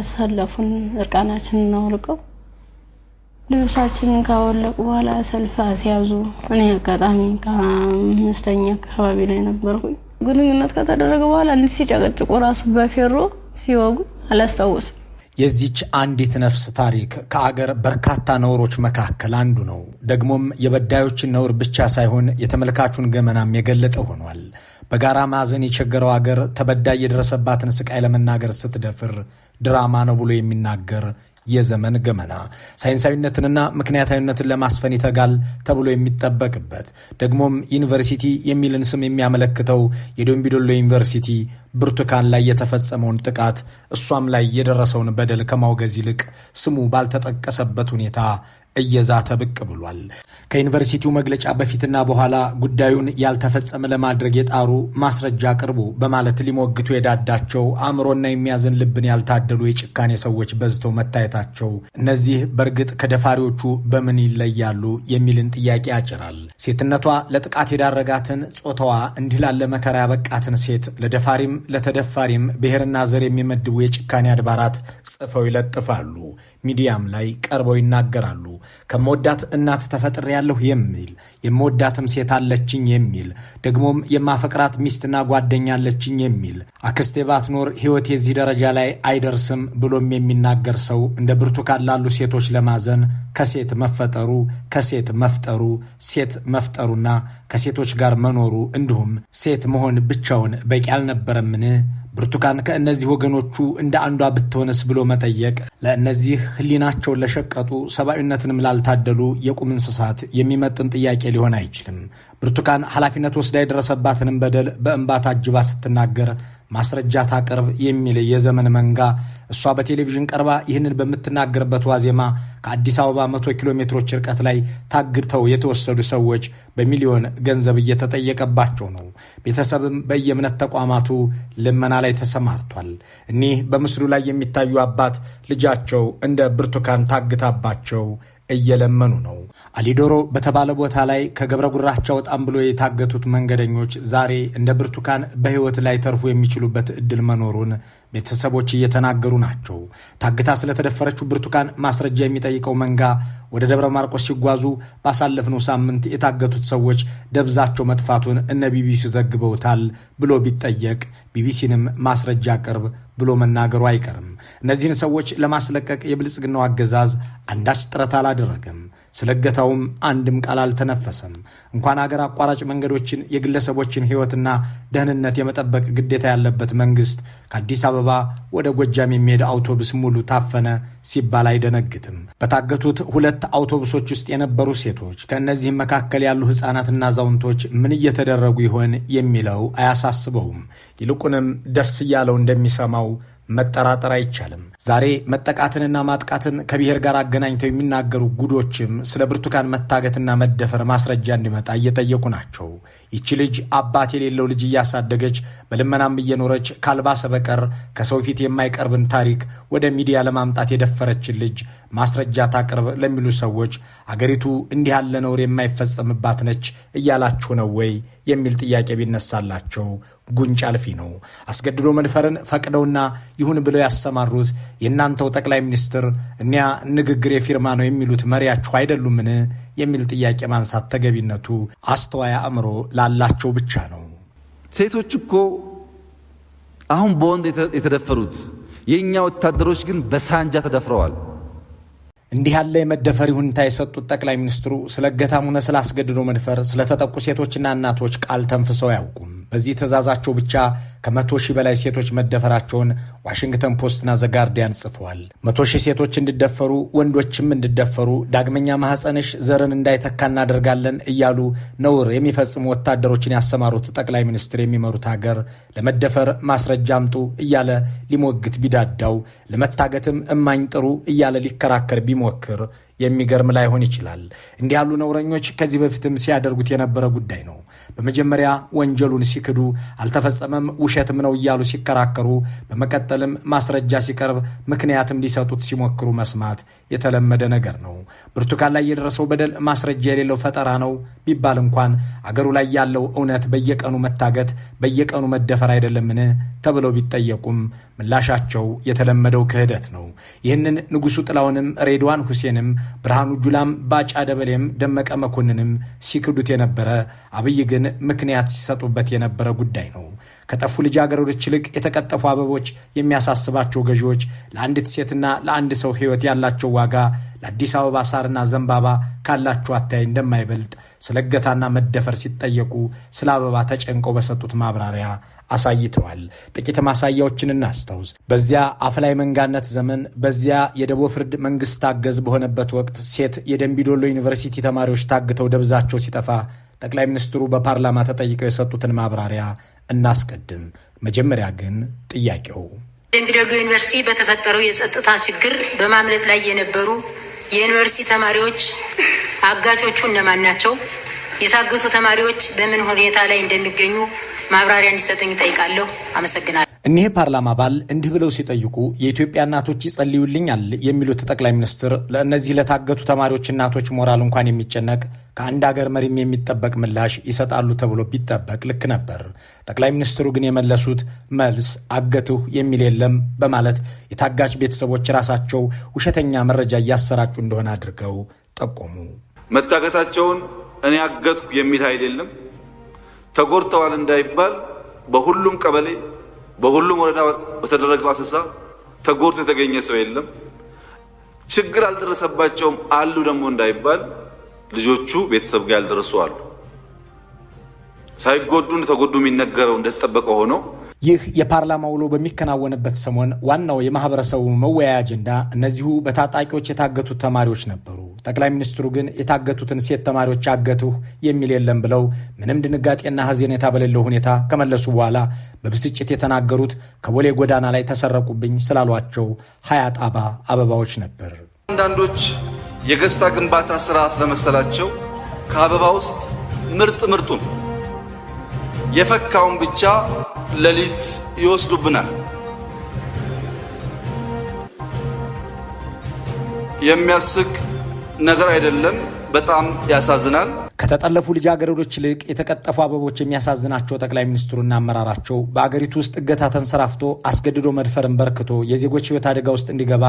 አሳለፉን። እርቃናችን እናወልቀው ልብሳችንን ካወለቁ በኋላ ሰልፍ ሲያዙ፣ እኔ አጋጣሚ ከአምስተኛ አካባቢ ላይ ነበርኩኝ። ግንኙነት ከተደረገ በኋላ እንዲህ ሲጨቀጭቁ ራሱ በፌሮ ሲወጉ አላስታውስም። የዚች አንዲት ነፍስ ታሪክ ከአገር በርካታ ነውሮች መካከል አንዱ ነው። ደግሞም የበዳዮችን ነውር ብቻ ሳይሆን የተመልካቹን ገመናም የገለጠ ሆኗል። በጋራ ማዕዘን የቸገረው አገር ተበዳይ የደረሰባትን ስቃይ ለመናገር ስትደፍር ድራማ ነው ብሎ የሚናገር የዘመን ገመና ሳይንሳዊነትንና ምክንያታዊነትን ለማስፈን ይተጋል ተብሎ የሚጠበቅበት ደግሞም ዩኒቨርሲቲ የሚልን ስም የሚያመለክተው የዶምቢዶሎ ዩኒቨርሲቲ ብርቱካን ላይ የተፈጸመውን ጥቃት እሷም ላይ የደረሰውን በደል ከማውገዝ ይልቅ ስሙ ባልተጠቀሰበት ሁኔታ እየዛተ ብቅ ብሏል። ከዩኒቨርሲቲው መግለጫ በፊትና በኋላ ጉዳዩን ያልተፈጸመ ለማድረግ የጣሩ ማስረጃ አቅርቡ በማለት ሊሞግቱ የዳዳቸው አእምሮና የሚያዝን ልብን ያልታደሉ የጭካኔ ሰዎች በዝተው መታየታቸው እነዚህ በእርግጥ ከደፋሪዎቹ በምን ይለያሉ የሚልን ጥያቄ ያጭራል። ሴትነቷ ለጥቃት የዳረጋትን፣ ጾታዋ እንዲህ ላለ መከራ ያበቃትን ሴት ለደፋሪም ለተደፋሪም ብሔርና ዘር የሚመድቡ የጭካኔ አድባራት ጽፈው ይለጥፋሉ፣ ሚዲያም ላይ ቀርበው ይናገራሉ። ከመወዳት እናት ተፈጥሬ ያለሁ የሚል የመወዳትም ሴት አለችኝ የሚል ደግሞም የማፈቅራት ሚስትና ጓደኛ አለችኝ የሚል አክስቴ ባትኖር ሕይወት የዚህ ደረጃ ላይ አይደርስም ብሎም የሚናገር ሰው እንደ ብርቱካን ላሉ ሴቶች ለማዘን ከሴት መፈጠሩ ከሴት መፍጠሩ ሴት መፍጠሩና ከሴቶች ጋር መኖሩ እንዲሁም ሴት መሆን ብቻውን በቂ አልነበረምን? ብርቱካን ከእነዚህ ወገኖቹ እንደ አንዷ ብትሆንስ ብሎ መጠየቅ ለእነዚህ ሕሊናቸውን ለሸቀጡ ሰብአዊነትንም ላልታደሉ የቁም እንስሳት የሚመጥን ጥያቄ ሊሆን አይችልም። ብርቱካን ኃላፊነት ወስዳ የደረሰባትንም በደል በእንባ ታጅባ ስትናገር ማስረጃ ታቅርብ የሚል የዘመን መንጋ እሷ በቴሌቪዥን ቀርባ ይህንን በምትናገርበት ዋዜማ ከአዲስ አበባ መቶ ኪሎ ሜትሮች ርቀት ላይ ታግተው የተወሰዱ ሰዎች በሚሊዮን ገንዘብ እየተጠየቀባቸው ነው። ቤተሰብም በየእምነት ተቋማቱ ልመና ላይ ተሰማርቷል። እኒህ በምስሉ ላይ የሚታዩ አባት ልጃቸው እንደ ብርቱካን ታግታባቸው እየለመኑ ነው። አሊዶሮ በተባለ ቦታ ላይ ከገብረ ጉራቻ ወጣም ብሎ የታገቱት መንገደኞች ዛሬ እንደ ብርቱካን በሕይወት ላይ ተርፉ የሚችሉበት እድል መኖሩን ቤተሰቦች እየተናገሩ ናቸው። ታግታ ስለተደፈረችው ብርቱካን ማስረጃ የሚጠይቀው መንጋ ወደ ደብረ ማርቆስ ሲጓዙ ባሳለፍነው ሳምንት የታገቱት ሰዎች ደብዛቸው መጥፋቱን እነ ቢቢሲ ዘግበውታል ብሎ ቢጠየቅ ቢቢሲንም ማስረጃ ቅርብ ብሎ መናገሩ አይቀርም። እነዚህን ሰዎች ለማስለቀቅ የብልጽግናው አገዛዝ አንዳች ጥረት አላደረገም። ስለ እገታውም አንድም ቃል አልተነፈሰም። እንኳን አገር አቋራጭ መንገዶችን የግለሰቦችን ሕይወትና ደህንነት የመጠበቅ ግዴታ ያለበት መንግስት ከአዲስ አበባ ወደ ጎጃም የሚሄድ አውቶቡስ ሙሉ ታፈነ ሲባል አይደነግትም። በታገቱት ሁለት አውቶቡሶች ውስጥ የነበሩ ሴቶች፣ ከእነዚህም መካከል ያሉ ሕፃናትና አዛውንቶች ምን እየተደረጉ ይሆን የሚለው አያሳስበውም። ይልቁንም ደስ እያለው እንደሚሰማው መጠራጠር አይቻልም። ዛሬ መጠቃትንና ማጥቃትን ከብሔር ጋር አገናኝተው የሚናገሩ ጉዶችም ስለ ብርቱካን መታገትና መደፈር ማስረጃ እንዲመጣ እየጠየቁ ናቸው። ይቺ ልጅ አባት የሌለው ልጅ እያሳደገች በልመናም እየኖረች ካልባሰ በቀር ከሰው ፊት የማይቀርብን ታሪክ ወደ ሚዲያ ለማምጣት የደፈረችን ልጅ ማስረጃ ታቅርብ ለሚሉ ሰዎች አገሪቱ እንዲህ ያለ ነውር የማይፈጸምባት ነች እያላችሁ ነው ወይ የሚል ጥያቄ ቢነሳላቸው ጉንጭ አልፊ ነው። አስገድዶ መድፈርን ፈቅደውና ይሁን ብለው ያሰማሩት የእናንተው ጠቅላይ ሚኒስትር እኒያ ንግግር የፊርማ ነው የሚሉት መሪያችሁ አይደሉምን? የሚል ጥያቄ ማንሳት ተገቢነቱ አስተዋይ አእምሮ ላላቸው ብቻ ነው። ሴቶች እኮ አሁን በወንድ የተደፈሩት የእኛ ወታደሮች ግን በሳንጃ ተደፍረዋል። እንዲህ ያለ የመደፈሪ ሁኔታ የሰጡት ጠቅላይ ሚኒስትሩ ስለ እገታም ሆነ ስለ አስገድዶ መድፈር ስለተጠቁ ሴቶችና እናቶች ቃል ተንፍሰው አያውቁም። በዚህ ትዕዛዛቸው ብቻ ከመቶ ሺህ በላይ ሴቶች መደፈራቸውን ዋሽንግተን ፖስትና ዘጋርዲያን ጽፈዋል። መቶ ሺህ ሴቶች እንዲደፈሩ ወንዶችም እንዲደፈሩ ዳግመኛ ማህፀንሽ ዘርን እንዳይተካ እናደርጋለን እያሉ ነውር የሚፈጽሙ ወታደሮችን ያሰማሩት ጠቅላይ ሚኒስትር የሚመሩት ሀገር ለመደፈር ማስረጃ አምጡ እያለ ሊሞግት ቢዳዳው፣ ለመታገትም እማኝ ጥሩ እያለ ሊከራከር ቢሞክር የሚገርም ላይሆን ይችላል። እንዲህ ያሉ ነውረኞች ከዚህ በፊትም ሲያደርጉት የነበረ ጉዳይ ነው። በመጀመሪያ ወንጀሉን ሲክዱ አልተፈጸመም፣ ውሸትም ነው እያሉ ሲከራከሩ፣ በመቀጠልም ማስረጃ ሲቀርብ ምክንያትም ሊሰጡት ሲሞክሩ መስማት የተለመደ ነገር ነው። ብርቱካን ላይ የደረሰው በደል ማስረጃ የሌለው ፈጠራ ነው ቢባል እንኳን አገሩ ላይ ያለው እውነት በየቀኑ መታገት፣ በየቀኑ መደፈር አይደለምን ተብለው ቢጠየቁም ምላሻቸው የተለመደው ክህደት ነው። ይህንን ንጉሱ ጥላሁንም ሬድዋን ሁሴንም ብርሃኑ ጁላም ባጫ ደበሌም ደመቀ መኮንንም ሲክዱት የነበረ አብይ ግን ምክንያት ሲሰጡበት የነበረ ጉዳይ ነው። ከጠፉ ልጃገረዶች ይልቅ የተቀጠፉ አበቦች የሚያሳስባቸው ገዢዎች ለአንዲት ሴትና ለአንድ ሰው ሕይወት ያላቸው ዋጋ ለአዲስ አበባ ሳርና ዘንባባ ካላቸው አታይ እንደማይበልጥ ስለ እገታና መደፈር ሲጠየቁ ስለ አበባ ተጨንቀው በሰጡት ማብራሪያ አሳይተዋል። ጥቂት ማሳያዎችን እናስታውስ። በዚያ አፍላይ መንጋነት ዘመን በዚያ የደቦ ፍርድ መንግስት ታገዝ በሆነበት ወቅት ሴት የደንቢዶሎ ዩኒቨርሲቲ ተማሪዎች ታግተው ደብዛቸው ሲጠፋ ጠቅላይ ሚኒስትሩ በፓርላማ ተጠይቀው የሰጡትን ማብራሪያ እናስቀድም። መጀመሪያ ግን ጥያቄው ደምቢዶሎ ዩኒቨርሲቲ በተፈጠረው የጸጥታ ችግር በማምለጥ ላይ የነበሩ የዩኒቨርሲቲ ተማሪዎች አጋቾቹ እነማን ናቸው? የታገቱ ተማሪዎች በምን ሁኔታ ላይ እንደሚገኙ ማብራሪያ እንዲሰጡኝ ይጠይቃለሁ። አመሰግናለሁ። እኒህ ፓርላማ አባል እንዲህ ብለው ሲጠይቁ የኢትዮጵያ እናቶች ይጸልዩልኛል የሚሉት ጠቅላይ ሚኒስትር ለእነዚህ ለታገቱ ተማሪዎች እናቶች ሞራል እንኳን የሚጨነቅ ከአንድ አገር መሪም የሚጠበቅ ምላሽ ይሰጣሉ ተብሎ ቢጠበቅ ልክ ነበር። ጠቅላይ ሚኒስትሩ ግን የመለሱት መልስ አገትሁ የሚል የለም በማለት የታጋች ቤተሰቦች ራሳቸው ውሸተኛ መረጃ እያሰራጩ እንደሆነ አድርገው ጠቆሙ። መታገታቸውን እኔ አገትኩ የሚል ኃይል የለም። ተጎድተዋል እንዳይባል በሁሉም ቀበሌ በሁሉም ወረዳ በተደረገው አሰሳ ተጎድቶ የተገኘ ሰው የለም። ችግር አልደረሰባቸውም አሉ ደግሞ እንዳይባል ልጆቹ ቤተሰብ ጋር ያልደረሱ አሉ። ሳይጎዱ እንደተጎዱ የሚነገረው እንደተጠበቀ ሆኖ ይህ የፓርላማ ውሎ በሚከናወንበት ሰሞን ዋናው የማህበረሰቡ መወያያ አጀንዳ እነዚሁ በታጣቂዎች የታገቱት ተማሪዎች ነበሩ። ጠቅላይ ሚኒስትሩ ግን የታገቱትን ሴት ተማሪዎች አገትሁ የሚል የለም ብለው ምንም ድንጋጤና ሀዘኔታ በሌለው ሁኔታ ከመለሱ በኋላ በብስጭት የተናገሩት ከቦሌ ጎዳና ላይ ተሰረቁብኝ ስላሏቸው ሀያ ጣባ አበባዎች ነበር። አንዳንዶች የገጽታ ግንባታ ስራ ስለመሰላቸው ከአበባ ውስጥ ምርጥ ምርጡን የፈካውን ብቻ ሌሊት ይወስዱብናል። የሚያስቅ ነገር አይደለም። በጣም ያሳዝናል። ከተጠለፉ ልጃገረዶች ይልቅ የተቀጠፉ አበቦች የሚያሳዝናቸው ጠቅላይ ሚኒስትሩና አመራራቸው በአገሪቱ ውስጥ እገታ ተንሰራፍቶ አስገድዶ መድፈርን በርክቶ የዜጎች ሕይወት አደጋ ውስጥ እንዲገባ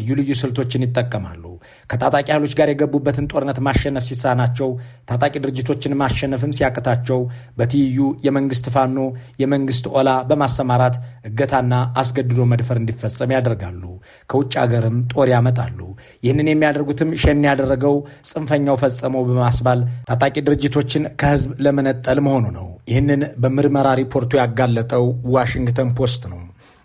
ልዩ ልዩ ስልቶችን ይጠቀማሉ። ከታጣቂ ኃይሎች ጋር የገቡበትን ጦርነት ማሸነፍ ሲሳናቸው ታጣቂ ድርጅቶችን ማሸነፍም ሲያቅታቸው በትይዩ የመንግስት ፋኖ፣ የመንግስት ኦላ በማሰማራት እገታና አስገድዶ መድፈር እንዲፈጸም ያደርጋሉ። ከውጭ አገርም ጦር ያመጣሉ። ይህንን የሚያደርጉትም ሸኔ ያደረገው ጽንፈኛው ፈጸመው በማስባል ታጣቂ ድርጅቶችን ከህዝብ ለመነጠል መሆኑ ነው። ይህንን በምርመራ ሪፖርቱ ያጋለጠው ዋሽንግተን ፖስት ነው።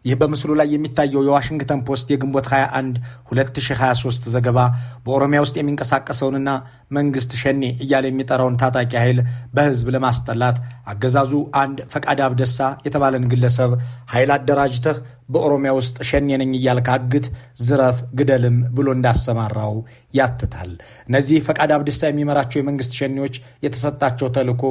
ይህ በምስሉ ላይ የሚታየው የዋሽንግተን ፖስት የግንቦት 21 2023 ዘገባ በኦሮሚያ ውስጥ የሚንቀሳቀሰውንና መንግስት ሸኔ እያለ የሚጠራውን ታጣቂ ኃይል በህዝብ ለማስጠላት አገዛዙ አንድ ፈቃድ አብደሳ የተባለን ግለሰብ ኃይል አደራጅተህ በኦሮሚያ ውስጥ ሸኔነኝ ነኝ እያልክ አግት፣ ዝረፍ፣ ግደልም ብሎ እንዳሰማራው ያትታል። እነዚህ ፈቃድ አብዲሳ የሚመራቸው የመንግስት ሸኔዎች የተሰጣቸው ተልዕኮ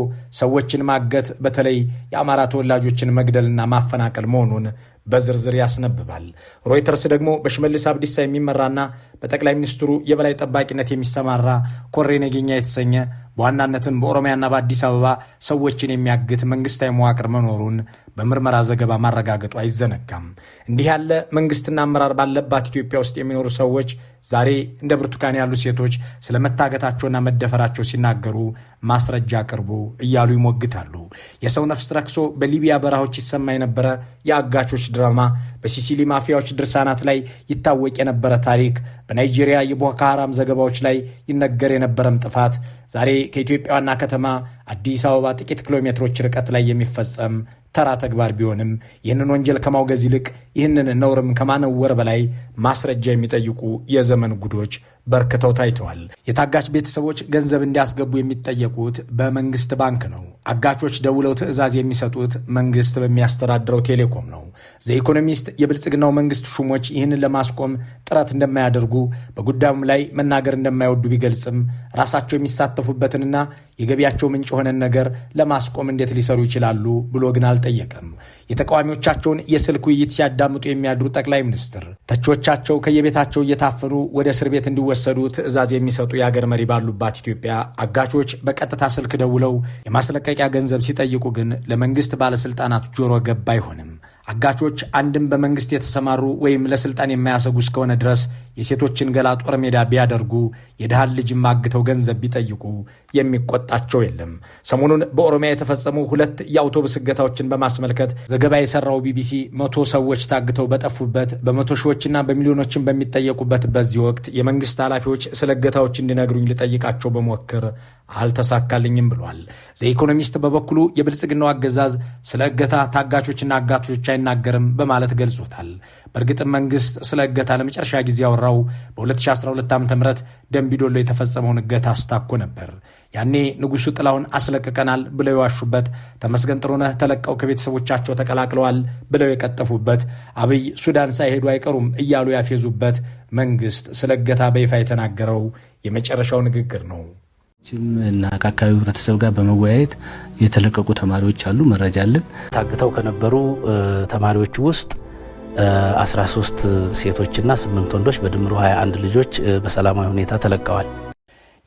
ሰዎችን ማገት፣ በተለይ የአማራ ተወላጆችን መግደልና ማፈናቀል መሆኑን በዝርዝር ያስነብባል። ሮይተርስ ደግሞ በሽመልስ አብዲሳ የሚመራና በጠቅላይ ሚኒስትሩ የበላይ ጠባቂነት የሚሰማራ ኮሬ ነገኛ የተሰኘ በዋናነትም በኦሮሚያና በአዲስ አበባ ሰዎችን የሚያግት መንግስታዊ መዋቅር መኖሩን በምርመራ ዘገባ ማረጋገጡ አይዘነጋም። እንዲህ ያለ መንግስትና አመራር ባለባት ኢትዮጵያ ውስጥ የሚኖሩ ሰዎች ዛሬ እንደ ብርቱካን ያሉ ሴቶች ስለ መታገታቸውና መደፈራቸው ሲናገሩ ማስረጃ አቅርቡ እያሉ ይሞግታሉ። የሰው ነፍስ ረክሶ በሊቢያ በረሃዎች ይሰማ የነበረ የአጋቾች ድራማ፣ በሲሲሊ ማፊያዎች ድርሳናት ላይ ይታወቅ የነበረ ታሪክ፣ በናይጄሪያ የቦኮ ዘገባዎች ላይ ይነገር የነበረም ጥፋት ዛሬ ከኢትዮጵያ ዋና ከተማ አዲስ አበባ ጥቂት ኪሎ ሜትሮች ርቀት ላይ የሚፈጸም ተራ ተግባር ቢሆንም ይህንን ወንጀል ከማውገዝ ይልቅ ይህንን ነውርም ከማነወር በላይ ማስረጃ የሚጠይቁ የዘመን ጉዶች በርክተው ታይተዋል። የታጋች ቤተሰቦች ገንዘብ እንዲያስገቡ የሚጠየቁት በመንግስት ባንክ ነው። አጋቾች ደውለው ትዕዛዝ የሚሰጡት መንግስት በሚያስተዳድረው ቴሌኮም ነው። ዘኢኮኖሚስት የብልጽግናው መንግስት ሹሞች ይህንን ለማስቆም ጥረት እንደማያደርጉ በጉዳዩም ላይ መናገር እንደማይወዱ ቢገልጽም ራሳቸው የሚሳተፉበትንና የገቢያቸው ምንጭ የሆነን ነገር ለማስቆም እንዴት ሊሰሩ ይችላሉ ብሎ ግን አልጠየቀም። የተቃዋሚዎቻቸውን የስልክ ውይይት ሲያዳምጡ የሚያድሩ ጠቅላይ ሚኒስትር ተቾቻቸው ከየቤታቸው እየታፈኑ ወደ እስር ቤት እንዲወሰዱ ትዕዛዝ የሚሰጡ የአገር መሪ ባሉባት ኢትዮጵያ አጋቾች በቀጥታ ስልክ ደውለው የማስለቀቂያ ገንዘብ ሲጠይቁ ግን ለመንግስት ባለስልጣናት ጆሮ ገብ አይሆንም። አጋቾች አንድም በመንግስት የተሰማሩ ወይም ለስልጣን የማያሰጉ እስከሆነ ድረስ የሴቶችን ገላ ጦር ሜዳ ቢያደርጉ የድሃን ልጅ ማግተው ገንዘብ ቢጠይቁ የሚቆጣቸው የለም። ሰሞኑን በኦሮሚያ የተፈጸሙ ሁለት የአውቶቡስ እገታዎችን በማስመልከት ዘገባ የሰራው ቢቢሲ መቶ ሰዎች ታግተው በጠፉበት በመቶ ሺዎችና በሚሊዮኖችን በሚጠየቁበት በዚህ ወቅት የመንግስት ኃላፊዎች ስለ እገታዎች እንዲነግሩኝ ልጠይቃቸው በሞክር አልተሳካልኝም ብሏል። ዘኢኮኖሚስት በበኩሉ የብልጽግናው አገዛዝ ስለ እገታ ታጋቾችና አጋቾች አይናገርም በማለት ገልጾታል። በእርግጥም መንግስት ስለ እገታ ለመጨረሻ ጊዜ ያወራ የተሰራው በ2012 ዓ ም ደንቢዶሎ የተፈጸመውን እገታ አስታኮ ነበር። ያኔ ንጉሡ ጥላውን አስለቅቀናል ብለው የዋሹበት፣ ተመስገን ጥሩነህ ተለቀው ከቤተሰቦቻቸው ተቀላቅለዋል ብለው የቀጠፉበት፣ አብይ ሱዳን ሳይሄዱ አይቀሩም እያሉ ያፌዙበት መንግስት ስለ እገታ በይፋ የተናገረው የመጨረሻው ንግግር ነው። እና ከአካባቢው ህብረተሰብ ጋር በመወያየት የተለቀቁ ተማሪዎች አሉ። መረጃ አለን። ታግተው ከነበሩ ተማሪዎች ውስጥ 13 ሴቶችና 8 ወንዶች በድምሩ 21 ልጆች በሰላማዊ ሁኔታ ተለቀዋል።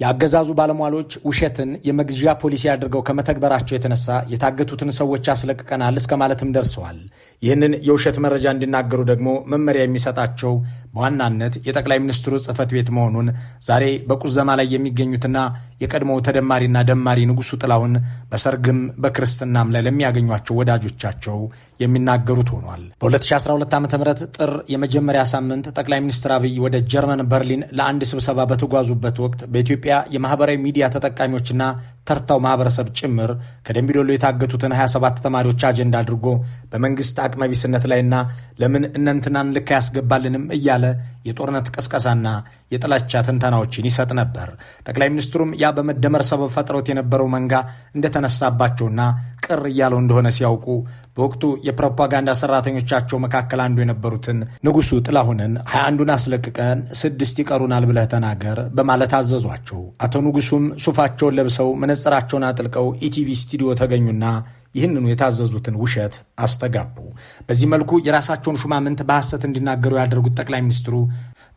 የአገዛዙ ባለሟሎች ውሸትን የመግዣ ፖሊሲ አድርገው ከመተግበራቸው የተነሳ የታገቱትን ሰዎች አስለቅቀናል እስከ ማለትም ደርሰዋል። ይህንን የውሸት መረጃ እንዲናገሩ ደግሞ መመሪያ የሚሰጣቸው በዋናነት የጠቅላይ ሚኒስትሩ ጽህፈት ቤት መሆኑን ዛሬ በቁዘማ ላይ የሚገኙትና የቀድሞው ተደማሪና ደማሪ ንጉሱ ጥላሁን በሰርግም በክርስትናም ላይ ለሚያገኟቸው ወዳጆቻቸው የሚናገሩት ሆኗል። በ2012 ዓ ም ጥር የመጀመሪያ ሳምንት ጠቅላይ ሚኒስትር አብይ ወደ ጀርመን በርሊን ለአንድ ስብሰባ በተጓዙበት ወቅት በኢትዮጵያ ታዲያ የማህበራዊ ሚዲያ ተጠቃሚዎችና ተርታው ማህበረሰብ ጭምር ከደምቢዶሎ የታገቱትን 27 ተማሪዎች አጀንዳ አድርጎ በመንግስት አቅመቢስነት ላይና ለምን እነንትናን ልክ ያስገባልንም እያለ የጦርነት ቀስቀሳና የጥላቻ ትንተናዎችን ይሰጥ ነበር። ጠቅላይ ሚኒስትሩም ያ በመደመር ሰበብ ፈጥረውት የነበረው መንጋ እንደተነሳባቸውና ቅር እያለው እንደሆነ ሲያውቁ በወቅቱ የፕሮፓጋንዳ ሰራተኞቻቸው መካከል አንዱ የነበሩትን ንጉሱ ጥላሁንን ሀያ አንዱን አስለቅቀን ስድስት ይቀሩናል ብለህ ተናገር በማለት አዘዟቸው። አቶ ንጉሱም ሱፋቸውን ለብሰው ምን መነጽራቸውን አጥልቀው ኢቲቪ ስቱዲዮ ተገኙና ይህንኑ የታዘዙትን ውሸት አስተጋቡ። በዚህ መልኩ የራሳቸውን ሹማምንት በሐሰት እንዲናገሩ ያደርጉት ጠቅላይ ሚኒስትሩ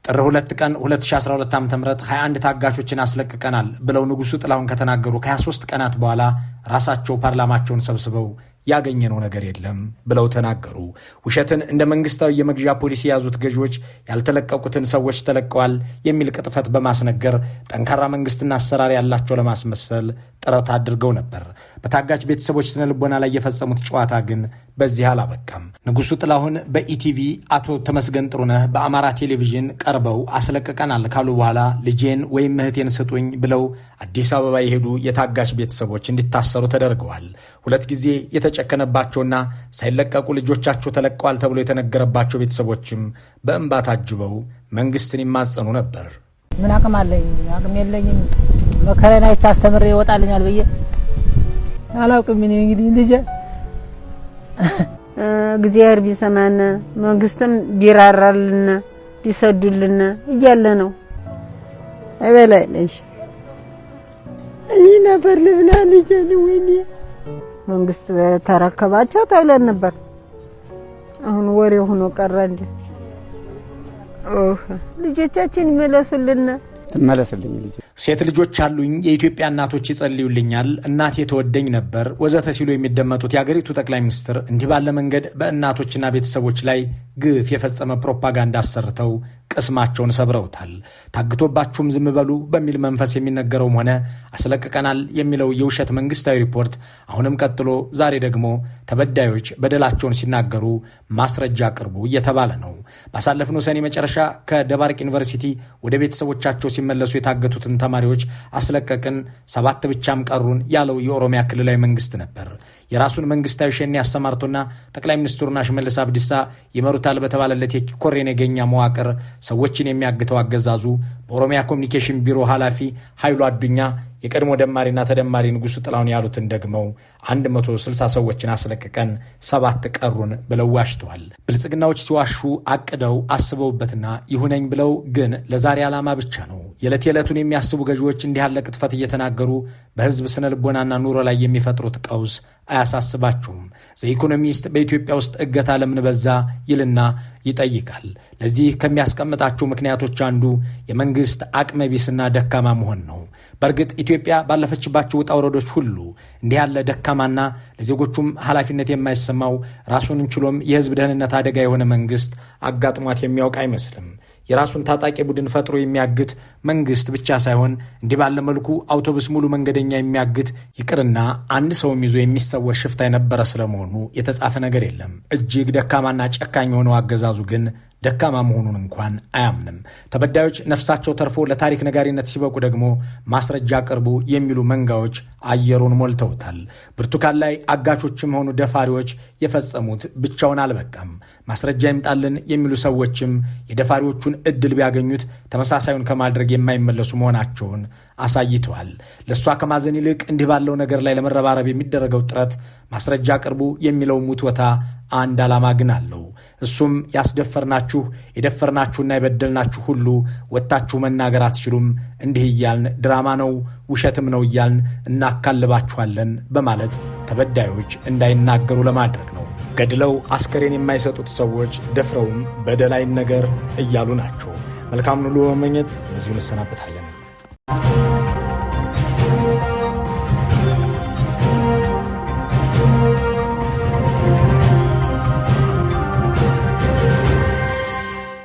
ጥር 2 ቀን 2012 ዓ ም 21 ታጋቾችን አስለቅቀናል ብለው ንጉሡ ጥላሁን ከተናገሩ ከ23 ቀናት በኋላ ራሳቸው ፓርላማቸውን ሰብስበው ያገኘነው ነገር የለም ብለው ተናገሩ። ውሸትን እንደ መንግስታዊ የመግዣ ፖሊሲ የያዙት ገዢዎች ያልተለቀቁትን ሰዎች ተለቀዋል የሚል ቅጥፈት በማስነገር ጠንካራ መንግስትና አሰራር ያላቸው ለማስመሰል ጥረት አድርገው ነበር። በታጋች ቤተሰቦች ስነ ልቦና ላይ የፈጸሙት ጨዋታ ግን በዚህ አላበቃም። ንጉሱ ጥላሁን በኢቲቪ አቶ ተመስገን ጥሩነህ በአማራ ቴሌቪዥን ቀርበው አስለቅቀናል ካሉ በኋላ ልጄን ወይም እህቴን ስጡኝ ብለው አዲስ አበባ የሄዱ የታጋች ቤተሰቦች እንዲታሰሩ ተደርገዋል። ሁለት ጊዜ የተጨከነባቸውና ሳይለቀቁ ልጆቻቸው ተለቀዋል ተብሎ የተነገረባቸው ቤተሰቦችም በእንባ ታጅበው መንግስትን ይማጸኑ ነበር። ምን አቅም አለኝ? አቅም የለኝም። መከራዬን አይቼ አስተምሬ ይወጣልኛል ብዬ አላውቅም። እኔ እንግዲህ ልጄ እግዚአብሔር ቢሰማነ መንግስትም ቢራራልን ቢሰዱልን እያለ ነው ነሽ ይህ ነበር ልብላ ልጄን ወይኔ መንግስት ተረከባቸው ተብለን ነበር። አሁን ወሬ ሆኖ ቀረ እንጂ ልጆቻችን ይመለሱልን ትመለስልኝ ልጅ ሴት ልጆች አሉኝ፣ የኢትዮጵያ እናቶች ይጸልዩልኛል፣ እናቴ የተወደኝ ነበር ወዘተ ሲሉ የሚደመጡት የአገሪቱ ጠቅላይ ሚኒስትር እንዲህ ባለ መንገድ በእናቶችና ቤተሰቦች ላይ ግፍ የፈጸመ ፕሮፓጋንዳ አሰርተው ቅስማቸውን ሰብረውታል። ታግቶባችሁም ዝም በሉ በሚል መንፈስ የሚነገረውም ሆነ አስለቅቀናል የሚለው የውሸት መንግስታዊ ሪፖርት አሁንም ቀጥሎ ዛሬ ደግሞ ተበዳዮች በደላቸውን ሲናገሩ ማስረጃ አቅርቡ እየተባለ ነው። ባሳለፍነው ሰኔ መጨረሻ ከደባርቅ ዩኒቨርሲቲ ወደ ቤተሰቦቻቸው ሲመለሱ የታገቱትን ተማሪዎች አስለቀቅን፣ ሰባት ብቻም ቀሩን ያለው የኦሮሚያ ክልላዊ መንግስት ነበር። የራሱን መንግስታዊ ሸኔ አሰማርቶና ጠቅላይ ሚኒስትሩና ሽመልስ አብዲሳ ይመሩታል በተባለለት የኮሬን የገኛ መዋቅር ሰዎችን የሚያግተው አገዛዙ በኦሮሚያ ኮሚኒኬሽን ቢሮ ኃላፊ ኃይሉ አዱኛ የቀድሞ ደማሪና ተደማሪ ንጉሱ ጥላውን ያሉትን ደግመው 160 ሰዎችን አስለቅቀን ሰባት ቀሩን ብለው ዋሽተዋል። ብልጽግናዎች ሲዋሹ አቅደው አስበውበትና ይሁነኝ ብለው ግን ለዛሬ ዓላማ ብቻ ነው። የዕለት የዕለቱን የሚያስቡ ገዢዎች እንዲህ ያለ ቅጥፈት እየተናገሩ በህዝብ ስነ ልቦናና ኑሮ ላይ የሚፈጥሩት ቀውስ አያሳስባችሁም? ዘኢኮኖሚስት በኢትዮጵያ ውስጥ እገታ ለምን በዛ ይልና ይጠይቃል። ለዚህ ከሚያስቀምጣቸው ምክንያቶች አንዱ የመንግስት አቅመቢስና ደካማ መሆን ነው። በእርግጥ ኢትዮጵያ ባለፈችባቸው ውጣ ውረዶች ሁሉ እንዲህ ያለ ደካማና ለዜጎቹም ኃላፊነት የማይሰማው ራሱን እንችሎም የህዝብ ደህንነት አደጋ የሆነ መንግስት አጋጥሟት የሚያውቅ አይመስልም። የራሱን ታጣቂ ቡድን ፈጥሮ የሚያግት መንግስት ብቻ ሳይሆን እንዲህ ባለ መልኩ አውቶቡስ ሙሉ መንገደኛ የሚያግት ይቅርና አንድ ሰውም ይዞ የሚሰወር ሽፍታ የነበረ ስለመሆኑ የተጻፈ ነገር የለም። እጅግ ደካማና ጨካኝ የሆነው አገዛዙ ግን ደካማ መሆኑን እንኳን አያምንም። ተበዳዮች ነፍሳቸው ተርፎ ለታሪክ ነጋሪነት ሲበቁ ደግሞ ማስረጃ ቅርቡ የሚሉ መንጋዎች አየሩን ሞልተውታል። ብርቱካን ላይ አጋቾችም ሆኑ ደፋሪዎች የፈጸሙት ብቻውን አልበቃም። ማስረጃ ይምጣልን የሚሉ ሰዎችም የደፋሪዎቹን እድል ቢያገኙት ተመሳሳዩን ከማድረግ የማይመለሱ መሆናቸውን አሳይተዋል። ለእሷ ከማዘን ይልቅ እንዲህ ባለው ነገር ላይ ለመረባረብ የሚደረገው ጥረት ማስረጃ ቅርቡ የሚለው ሙትወታ አንድ ዓላማ ግን አለው። እሱም ያስደፈርናችሁ፣ የደፈርናችሁና የበደልናችሁ ሁሉ ወጥታችሁ መናገር አትችሉም፣ እንዲህ እያልን ድራማ ነው ውሸትም ነው እያልን እናካልባችኋለን በማለት ተበዳዮች እንዳይናገሩ ለማድረግ ነው። ገድለው አስከሬን የማይሰጡት ሰዎች ደፍረውም በደላይን ነገር እያሉ ናቸው። መልካምን ሁሉ በመመኘት በዚሁ እንሰናበታለን። you